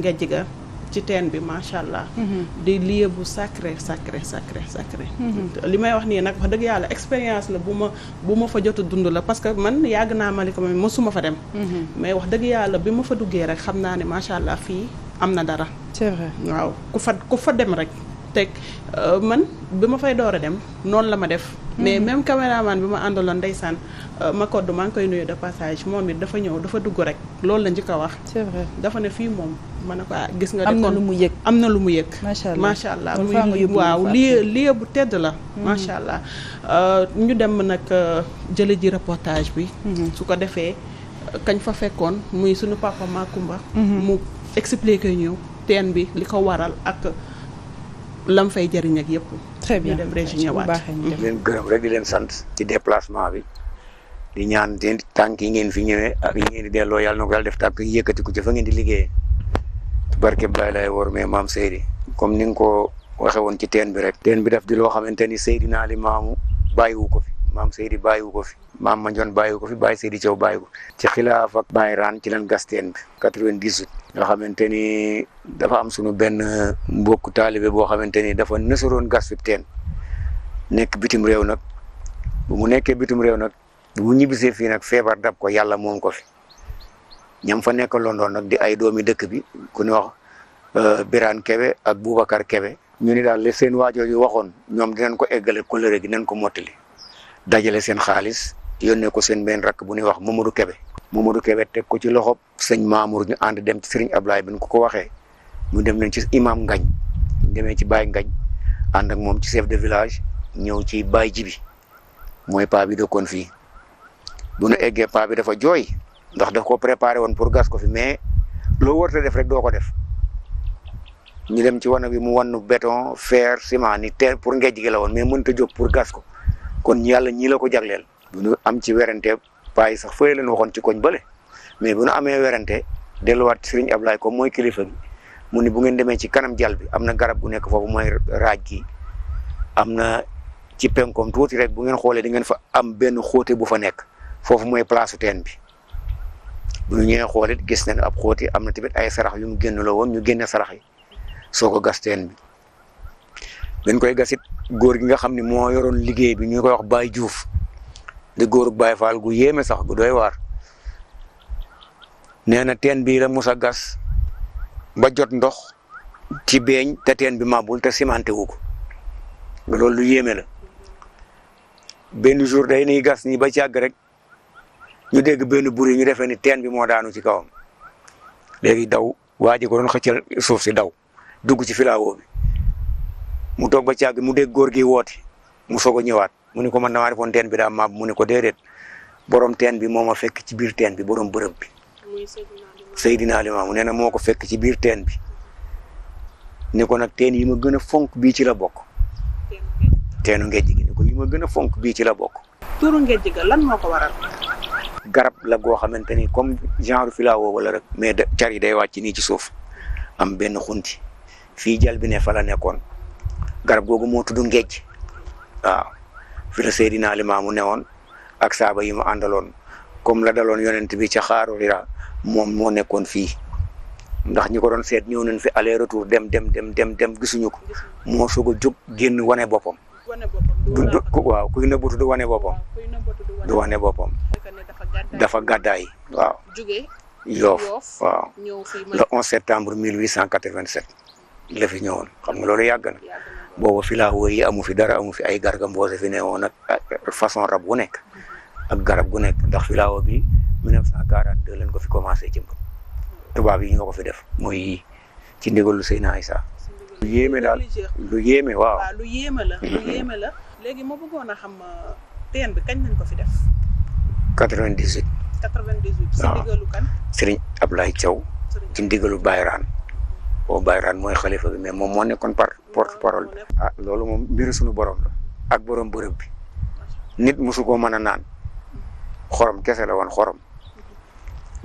Ngadiaga ci teen bi macha allah. Mm-hmm. di lieu bu sacré sacré sacré sacré. Mm-hmm. li may wax nii nag wax dëgg yàlla expérience la bu ma bu ma fa jot dund la parce que man yàgg naa Malika ma mosuma fa dem. Mm-hmm. mais wax dëgg yàlla bi ma fa duggee rek xam naa ne macha allah fii am na dara. c'est vrai waaw ku fa ku fa dem rek. teg euh, man bi ma fay door a dem noonu la ma def. Mm-hmm. mais même caméraman bi ma àndaloon ndeysaan euh, ma kodd maa ngi koy nuyu de passage moom it dafa ñëw dafa dugg rek loolu la njëkk a wax. c'est dafa ne fii moom ma ne ko ah, gis nga. am na lu mu yëg am na lu mu yëg. macha allah muy waaw lii lii bu tedd la. Mm-hmm. macha allah euh, ñu dem nag jële ji reportage bi. Mm-hmm. su ko defee kañ fa fekkoon muy suñu papa Makumba. mu expliqué ñu teen bi li ko waral ak. lam fay jëriñ ak yëpp. très bien dem région ñëwaat di leen gërëm rek di leen sant ci déplacement bi di ñaan di tànk yi ngeen fi ñëwee ak yi ngeen di delloo yàlla na ko yàlla def tànk yi yëkkatiku ci fa ngeen di liggéeyee barke Baye lay wor mais maam Seydi comme ni nga ko waxe woon ci teen bi rek teen bi daf di loo xamante ni Seydina Ali maamu bàyyiwu ko fi maam Seydi bàyyiwu ko fi maam Mandione bàyyiwu ko fi Baye Seydi Thiaw bàyyiwu ko fi ci xilaaf ak Baye Raan ci leen gas teen bi nga xamante ni dafa am sunu benn mbokk taalibe boo xamante ni dafa nësaroon gas fi nekk bitim réew nag bu mu nekkee bitim réew nag bu ñibbisee fii nag feebar dab ko yàlla moom ko fi ñam fa nekk londoon nag di ay doomi dëkk bi ku ñu wax euh, Birane Kebe ak Boubacar Kebe ñu ni daal li seen waajur yu waxoon ñoom dinañ ko eggale kóllëre gi nan ko mottali dajale seen xaalis yónnee ko seen benn rakk bu ñuy wax Mamadou Kebe moo Mamadou Kébé teg ko ci loxo sëñ Mamour ñu ànd dem ci Serigne Ablaye bi ñu ko ko waxee ñu dem nañ ci imam Ngañ demee ci Baye Ngañ ànd ak moom ci chef de village ñëw ci Baye Jibi mooy paa bi dëkkoon fii bu nu eggee paa bi dafa jooy ndax daf ko préparer woon pour gas ko fi mais loo warta def rek doo ko def ñu dem ci wana bi mu wan nu béton fer ciment ni terre pour ngejj gi la woon mais mënta jog pour gas ko kon yàlla ñii la ko jagleel. bu nu am ci werante paa yi sax fële leen waxoon ci koñ bële mais bu nu amee werante delluwaat Serigne Ablaye ko mooy kilifa gi mu ni bu ngeen demee ci kanam jal bi am na garab gu nekk foofu mooy raaj gi am na ci penkoom tuuti rek bu ngeen xoolee di ngeen fa am benn xóote bu fa nekk foofu mooy place teen bi bu ñu ñëwee xool it gis ab xóoti am na tamit ay sarax yu mu génn la woon ñu génne sarax yi soo ko gas teen bi. dañ koy gasit góor gi nga xam ne moo yoroon liggéey bi ñu koy wax Baye juuf di góorug Baay Faal gu yéeme sax gu doy waar nee na teen bii la musa gas ba jot ndox ci beeñ te teen bi mabul te cimenté wu ko loolu lu yéeme la benn jour day ni gas nii ba ci àgg rek ñu dégg benn buri ñu defee ni teen bi moo daanu ci kawam léegi daw waa ji ko doon xëccal suuf si daw dugg ci filawoo bi mu toog ba ci àgg mu dégg góor gi woote mu soog a ñëwaat mu ni ko man damaa defoon teen bi daa maab mu ni ko déedéet borom teen bi moo ma fekk ci biir teen bi borom bërëb bi Seydina Limaamu nee na moo ko fekk ci biir teen bi ni ko nag teen yi ma gën a fonk bii ci la bokk teenu ngejj gi ni ko yi ma gën a fonk bii ci la bokk turu lan moo ko waral garab la goo xamante ni comme genre filao wala rek mais car yi day wàcc nii ci suuf am benn xunti fii jal bi ne fa la nekkoon garab googu moo tudd ngejj fi la Seydina Limaamu newoon ak saaba yi mu àndaloon comme la daloon yonent bi ca xaaru Hira moom moo nekkoon fii ndax ñi ko doon seet ñëw nañ fi aller retour dem dem dem dem dem gisuñu ko moo soog a jóg génn wane boppam. du waaw kuy nëbbutu du wane boppam. du wane boppam. dafa gàddaay waaw. jóge Yoof waaw. le 11 septembre 1887 la fi ñëwoon xam nga loolu yàgg na. booba filaawoo yi amu fi dara amu fi ay gargam boose fi newoon ak façon rab wu nekk ak garab gu nekk ndax filaawo bi mu 1942 lañ ko fi commencé jëmb tubaab yi ñu nga ko fi def mooy ci ndigalu Seyna Isa lu yéeme daal lu yéeme waaw lu yéeme la lu la léegi ma bëggoon a xam euh, teen bi kañ lañ ko fi def 98 98 si ndigalu kan ci ndigalu Bayraan boobu Bayraan mooy xalifa bi mais moom moo nekkoon par porte parole bi. a ah, loolu moom mbiru suñu borom la ak borom bërëb bi nit mosu koo mën a naan xorom kese la woon xorom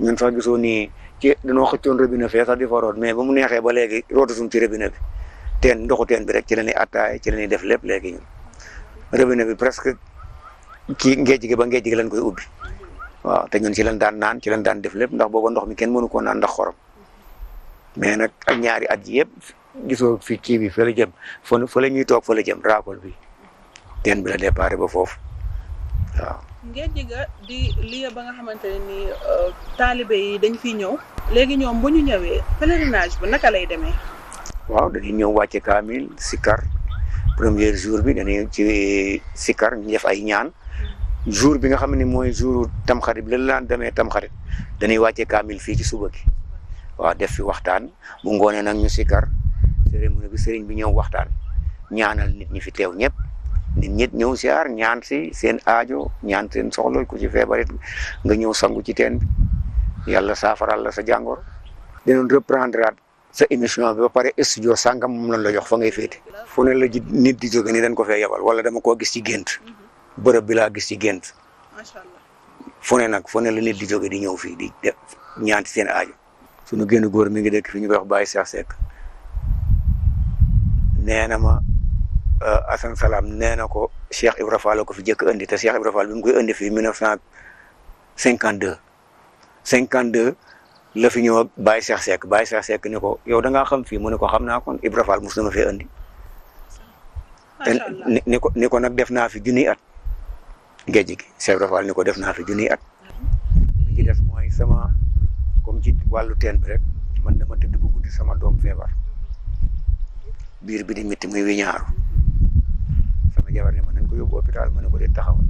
ñun sax gisoo nii ci dañoo xëccoon robinet fee sax di fa root mais ba mu neexee ba léegi rootatuñ ci robinet bi teen ndoxu teen bi rek ci la ñuy attaay ci la ñuy def lépp léegi ñun robinet bi presque ci ngéej gi ba ngéej gi lañ koy ubbi waaw te ñun ci lañ daan naan ci lañ daan def lépp ndax booba ndox mi kenn mënu koo naan ndax xorom mais nag ak ñaari at yëpp. gisoo fi kii bi fa jëm fa fa ñuy toog fa la jëm bi teen bi la déparé ba foofu waaw. ngeen jiga di lieu ba nga xamante ne nii euh, taalibe yi dañ fiy ñëw. léegi ñoom bu ñu ñëwee pèlerinage bi naka lay demee. waaw dañuy ñëw wàcce kaamil sikar premier jour bi dañuy ci sikar ñu def ay ñaan jour bi nga xam ni mooy jour tamxarit bi la laan demee tamxarit dañuy wàcce kaamil fii ci suba gi waaw def fi waxtaan bu ngoonee nag ñu sikar. cérémonie bi sëriñ bi ñëw waxtaan ñaanal nit ñi fi teew ñëpp ñit ñëw siyaar ñaan si seen aajo ñaan seen soxla ku ci feebarit nga ñëw sangu ci teen bi yàlla saafaral la sa jàngoor dinañ reprendre at sa émission bi ba pare studio sanga mom lañ la jox fa ngay féete fu ne la ji nit di jóge ni dañ ko fe yabal wala dama koo gis ci gént mm-hmm. bërëb bi laa gis ci gént fu ne nag fu ne la nit di jóge di ñëw fii di ñaan seen aajo sunu génn góor mi ngi dëkk fi ñu koy wax Baye Cheikh Seck nee na ma euh, Assane Salam nee na ko Cheikh Ibra Fall ko fi jëkk indi te Cheikh Ibra Fall bi mu koy indi fii 1952 52 la fi ñëw ak Baye Cheikh Seck Baye Cheikh Seck ni ko yow da ngaa xam fii mu ne ko xam naa kon Ibra Fall mos na ma fee indi. ni nag def naa fi junniy at géej gi Cheikh Ibra Fall ni ko def naa fi junniy at. li ci des mooy sama comme ci wàllu teen bi rek man dama tëdd bu guddi sama doom feebar. biir bi di métti muy wiñaaru sama jabar ne ma nañ ko yóbbu hôpital ma ne ko dee taxawal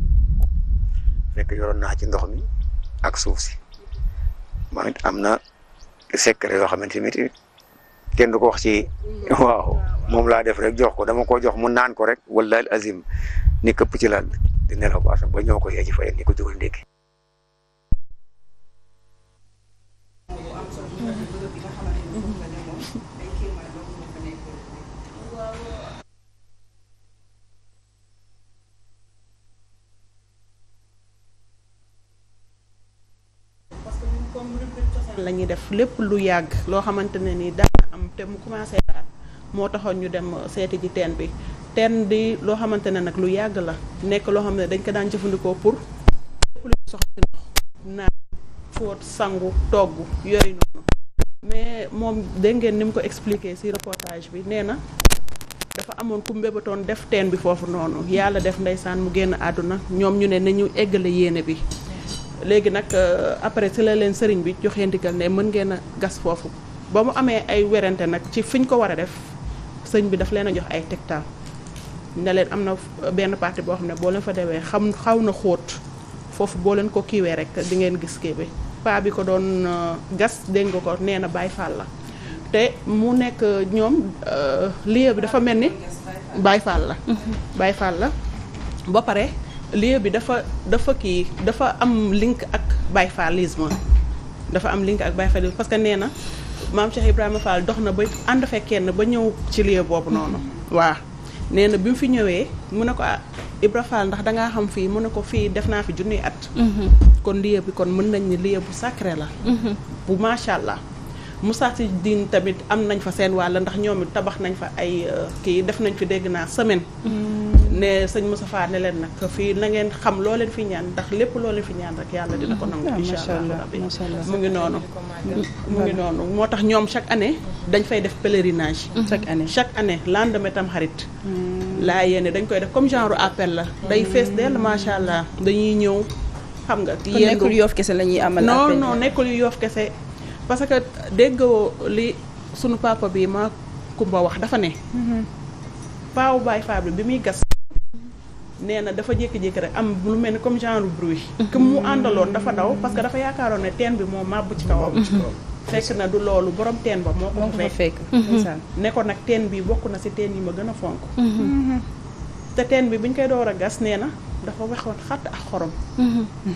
fekk yoroon naa ci ndox mi ak suuf si moom am na secret yoo xamante ni kenn du ko wax ci waaw moom laa def rek jox ko dama koo jox mu naan ko rek wallaahi azim ni këpp ci lal di nelaw ba ñoo ko yee ci fayal ni ko jógal ndékki def lépp lu yàgg loo xamante ne ni daana am te mu commencé daal moo taxoon ñu dem seeti ji teen bi teen di loo xamante ne nag lu yàgg la nekk loo xam ne dañ ko daan jëfandikoo pour lépp lu soxla ci ndox naan fóot sangu togg yooyu noonu mais moom dégg ngeen ni mu ko expliqué ci reportage bi nee na dafa amoon ku mbébatoon def teen bi foofu noonu yàlla def ndeysaan mu génn àdduna ñoom ñu ne nañu eggale yéene bi léegi nag euh, après si la leen sëriñ bi joxe ndigal ne mën ngeen a gas foofu ba mu amee ay werante nag ci fiñ ko war a def sëñ bi daf leen a jox ay tegtal ne leen am na benn partie boo xam ne boo leen fa demee xam xaw na xóot foofu boo leen ko kiiwee rek di ngeen gis kii bi paa bi ko doon euh, gas dégg nga ko nee na Baay Faal la te mu nekk ñoom euh, lieu bi dafa mel ni Baay Faal la mhm. Baay Faal la ba pare lieu bi dafa dafa kii dafa am link ak bayfalisme dafa am link ak bayfalisme parce que nee na maam Cheikh Ibrahima Fall dox na ba ànd fekk na ba ñëw ci lieu boobu noonu. waa nee na bi mu fi ñëwee mu ne ko ah Ibra ndax dangaa xam fii mu ne ko fii def naa fi junni at. Mhm. kon lieu bi kon mën nañ ni bu sacré la. Mhm. bu macha allah. Moussa si diin tamit am nañ fa seen wàll ndax ñoom tabax nañ fa ay euh, kii def nañ fi dégg naa semaine. Mhm. ne sëñ Moustapha ne leen nag fii na ngeen xam looleen leen fi ñaan ndax lépp loo fi ñaan rek yàlla dina ko nangu incha allah rabbi mu ngi noonu mu ngi noonu moo tax ñoom chaque année dañ fay def pèlerinage mm-hmm. chaque année chaque année lendemain tam xarit mm. laa yéene dañ koy def comme genre appel la day fees dell macha allah dañuy ñëw xam nga yéen nekkul yoof kese la ñuy amal non non nekkul yoof kese parce que déggoo li sunu papa bi ma kumba wax dafa ne mm-hmm. paaw baay faable bi muy gas nee na dafa jékki-jékki rek am lu mel ni comme genre bruit. que mu àndaloon dafa daw parce que dafa yaakaaroon ne teen bi moo màbb ci kawam. fekk na du loolu borom teen ba moo ko fa fekk mm-hmm. ne ko nag teen bi bokk na si teen yi ma gën a fonk mm-hmm. Mm-hmm. te teen bi buñ koy door a gas nee na dafa wexoon xatt ak xorom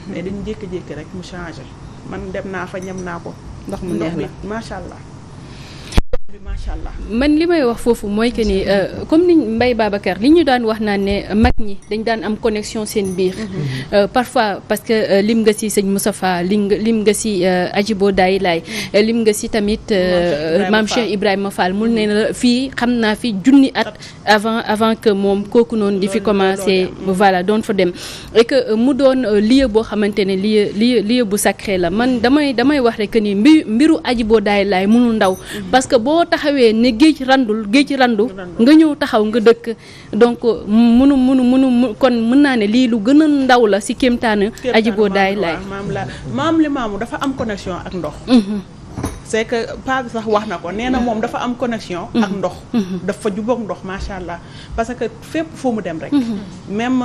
mais dañu jékki-jékki rek mu changé man dem naa fa ñam naa ko ndox mu neex la macha allah macha allah man li may wax foofu mooy que ni euh, comme ni mbay Babacar li ñu daan wax naan ne mag ñi dañ daan am connexion seen biir. Mhm. Euh, parfois parce que euh, lim nga si sëñ Moustapha lim nga lim nga si Ajibo Daay Laay mhm. lim nga si tamit. maam Cheikh Ibrahima Fall mu ne mhm. la fii xam naa fi junni at avant avant que moom kooku noonu di fi commencé voilà doon fa dem. et mu doon lieu boo xamante ne lieu lieu lieu bu sacré la man damay damay wax rek que ni mbiru Ajibo Daay lay mënul ndaw parce boo boo taxawee ne géej randul géej randu nga ñëw taxaw nga dëkk donc munu munu munu kon mën naa ne lii lu gën a ndaw la si kéemtaanu aji boo daay laay maam li maamu dafa am connexion ak ndox mhm. c'est que paa sax wax na ko nee na moom dafa am connexion ak mhm. ndox mhm. dafa jubóog ndox macha allah parce que fépp fu mu dem rek même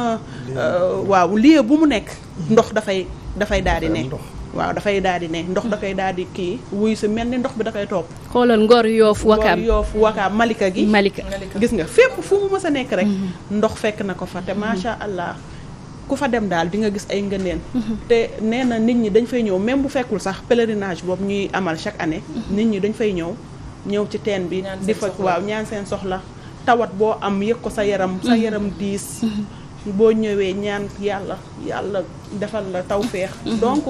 euh, waaw lieu bu mu nekk ndox dafay dafay daal di nekk waaw dafay daal di ne ndox dafay daal di kii wuy si mel ni ndox bi da koy topp xoolal ngor yoof wakaam ngor yoof wakaam malika gi malika gis nga fépp fu mu mës nekk rek mhm. ndox fekk na ko fa te macha allah ku fa dem daal bi nga gis ay ngëneen mhm. te nee na nit ñi dañ fay ñëw même bu fekkul sax pèlerinage boobu ñuy amal chaque année mhm. nit ñi dañ fay ñëw ñëw ci teen bi di fa waaw ñaan seen soxla tawat boo am yëg ko sa yaram sa yaram diis boo ñëwee ñaan yàlla yàlla defal la tawféex donc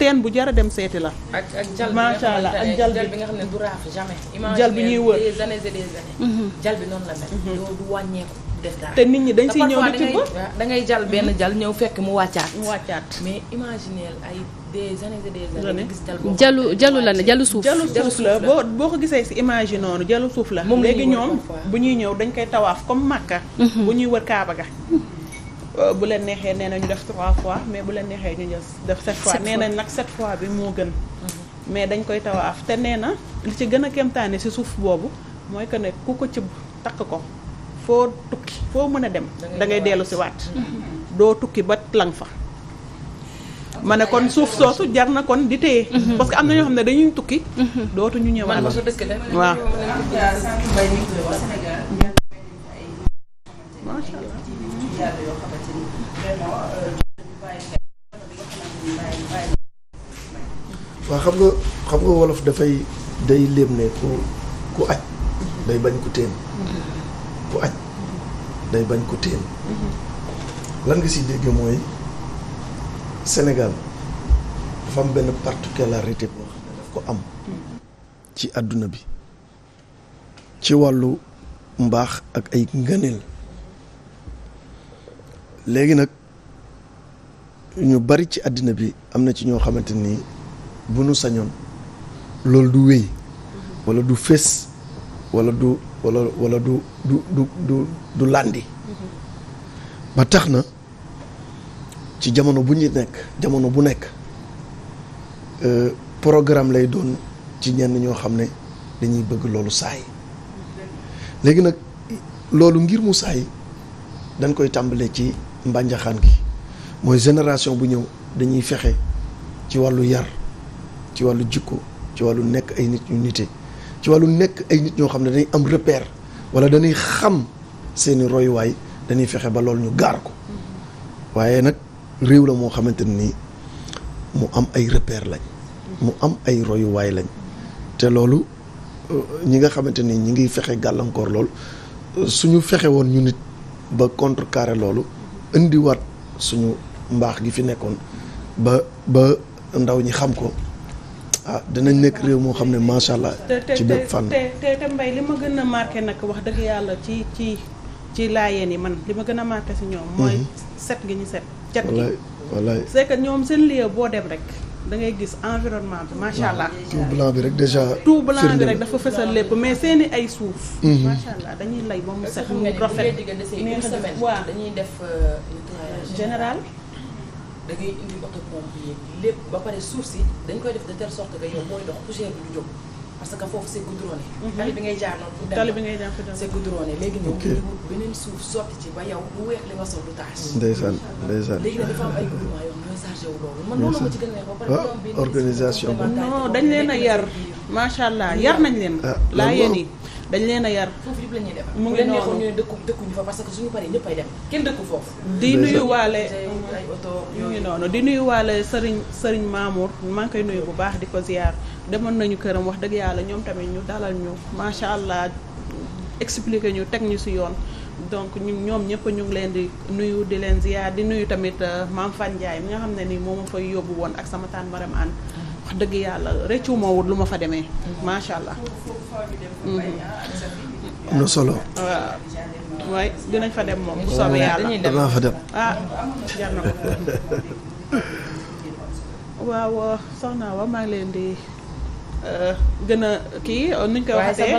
teen bu jara dem seeti la. ak ak jal macha allah ak jal bi nga xam ne du raaf jamais. jal bi ñuy wër des années et des années. Mhm. jal bi noonu la mel. Mhm. def dara. te ñi dañ siy ñëw di tibb. da ngay jal benn mhm. jal ñëw fekk mu wàccaat. mu wàccaat mais imaginez ay des années et des gis jal boobu jalu jalu la ne jalu suuf. jalu suuf la boo boo ko gisee si image yi noonu jalu suuf la. moom léegi ñoom bu ñuy ñëw dañ koy tawaaf comme Makka. bu ñuy wër Kaaba ga Euh, bu leen neexee nee na ñu def trois fois mais bu leen neexee ñu def sept fois nee nañ nag set fois bi moo gën mhm. mais dañ koy tawaaf te nee na li ci gën a kéemtaane si suuf boobu mooy que ne ku ko cëb takk ko foo tukki foo mën a dem da ngay dellu si waat doo tukki ba lang fa ma ne kon suuf soosu jar na kon di téye mhm. parce que am na ñoo xam ne dañuy tukki mhm. dootu ñu ñëwaat waaw macha allah jàll yoo euh, xam nga xam nga wolof dafay day léem ne ku aj day bañ ku teen ku aj day bañ ku teen lan nga si dégg mooy senegal dafa benn particularité boo ko am ci àdduna bi ci wàllu mbaax ak ay ngëneel léegi nag ñu bari ci àddina bi am na ci ñoo xamante ni bu nu sañoon loolu du wéy walla du fés wala du walla wala du du du du du làndi ba tax na ci jamono bu ñu nekk jamono bu nekk euh, programme lay doon ci ñenn ñoo xam ne dañuy bëgg loolu saay léegi nag loolu ngir mu saay dañ koy tàmbalee ci mbànjaxaan gi mooy génération bu ñëw dañuy fexe ci wàllu yar ci wàllu jikko ci wàllu nekk ay nit ñu nite ci wàllu nekk ay nit ñoo xam ne dañuy am repère wala dañuy xam seeni royuwaay dañuy fexe ba loolu ñu gaar ko waaye nag réew la moo xamante nii mu am ay repère lañ mu am ay royuwaay lañ te loolu euh, ñi nga xamante ni ñi ngi fexe gàllankoor loolu euh, suñu fexe woon ñu nit ba contre contrecarrer loolu indiwaat suñu mbaax gi fi nekkoon ba ba ndaw ñi xam ko ah dinañ nekk réew moo xam ne macha allah. ci bépp fànn te te te Mbaye li ma gën a marqué nag wax dëgg yàlla ci ci ci laayeen yi man li ma gën a marqué si ñoom. mooy mhm. set gi ñu set. set nga wallaay wallaay. c'est que ñoom seen lieu boo dem rek. da ngay gis environnement bi macha allah. tout blanc bi rek déjà. tout blanc bi rek dafa fësal lépp mais seeni ay suuf. Mhm. macha allah dañuy lay ba mu sax mu rafet. waaw dañuy def euh, général. da ngay indi oto pompier lépp ba pare suuf si dañ koy def de telle sorte que yow mooy dox poussière bi du parce que foofu c'est goudronné. Mhm. tali bi ngay jaar noonu pour bi ngay jaar pour dem c'est goudronné léegi ñoom ñu wut beneen suuf sotti ci ba yow bu weex li noonu a ah, dañ leen a yar macha allah yar nañ leen. Ah, laa yéen yi dañ leen a yar. foofu yëpp mu ngi noonu leen neexoon ñu dëkku dëkkuñu fa parce que suñu kenn dëkku foofu. di nuyuwaale ay oto. ñu di nuyuwaale Serigne Serigne Mamour maa ngi koy nuyu bu baax di ko ziar demoon nañu këram wax dëgg yàlla ñoom tamit ñu dalal ñu macha allah expliquer ñu teg ñu si yoon donc ñu ñoom ñëpp ñu ngi leen di nuyu di leen ziar di nuyu tamit euh, maam Fan Ndiaye mi nga xam ne nii moom ma fay yóbbu woon ak sama taan maram an dëgg yàlla rëccu ma wut lu ma fa demee macha allah. am waay dinañ fa dem moom mu soobee yàlla danaa fa dem ah jar na ko waaw soxna wa maa leen di gën a kii nuñ koy waxatee